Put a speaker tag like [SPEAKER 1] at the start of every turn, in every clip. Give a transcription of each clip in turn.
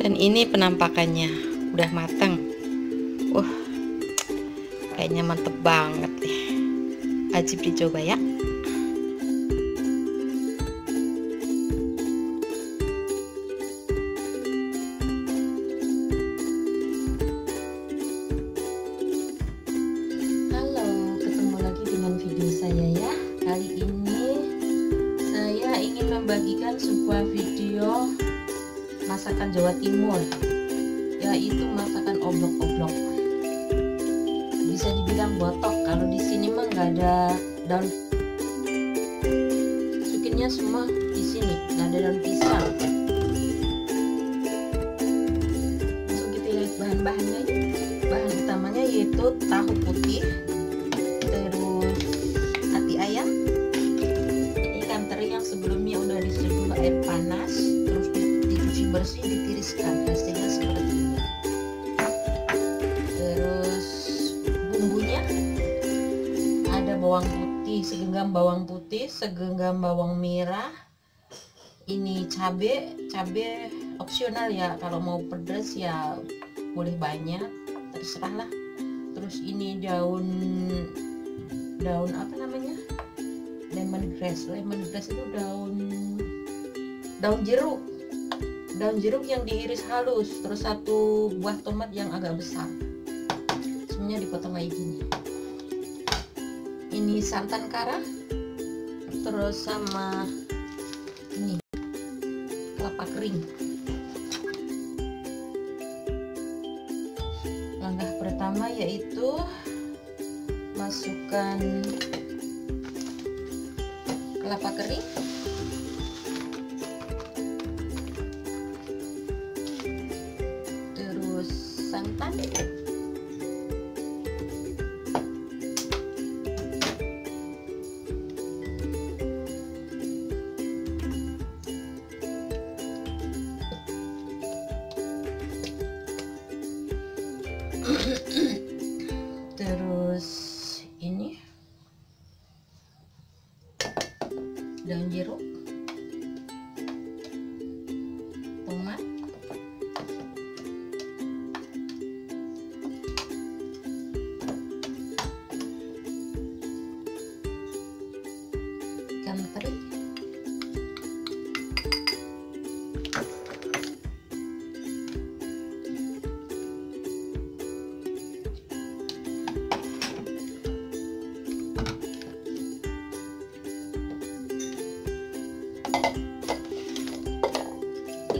[SPEAKER 1] dan ini penampakannya udah matang uh kayaknya mantep banget nih ajib dicoba ya membagikan sebuah video masakan Jawa Timur yaitu masakan oblok-oblok bisa dibilang botok kalau di sini mah nggak ada daun sukinnya semua di sini nggak ada daun pisang langsung kita lihat bahan-bahannya bahan utamanya yaitu tahu putih terus ayam ikan yang sebelumnya udah diseduh air panas dicuci bersih ditiriskan hasilnya seperti ini terus bumbunya ada bawang putih segenggam bawang putih segenggam bawang merah ini cabe cabe opsional ya kalau mau pedas ya boleh banyak terserah lah terus ini daun daun apa namanya lemon grass lemon grass itu daun daun jeruk daun jeruk yang diiris halus terus satu buah tomat yang agak besar semuanya dipotong kayak gini ini santan kara terus sama ini kelapa kering langkah pertama yaitu masukkan kelapa kering santan terus ini daun jeruk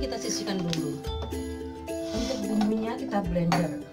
[SPEAKER 1] kita sisihkan dulu untuk bumbunya kita blender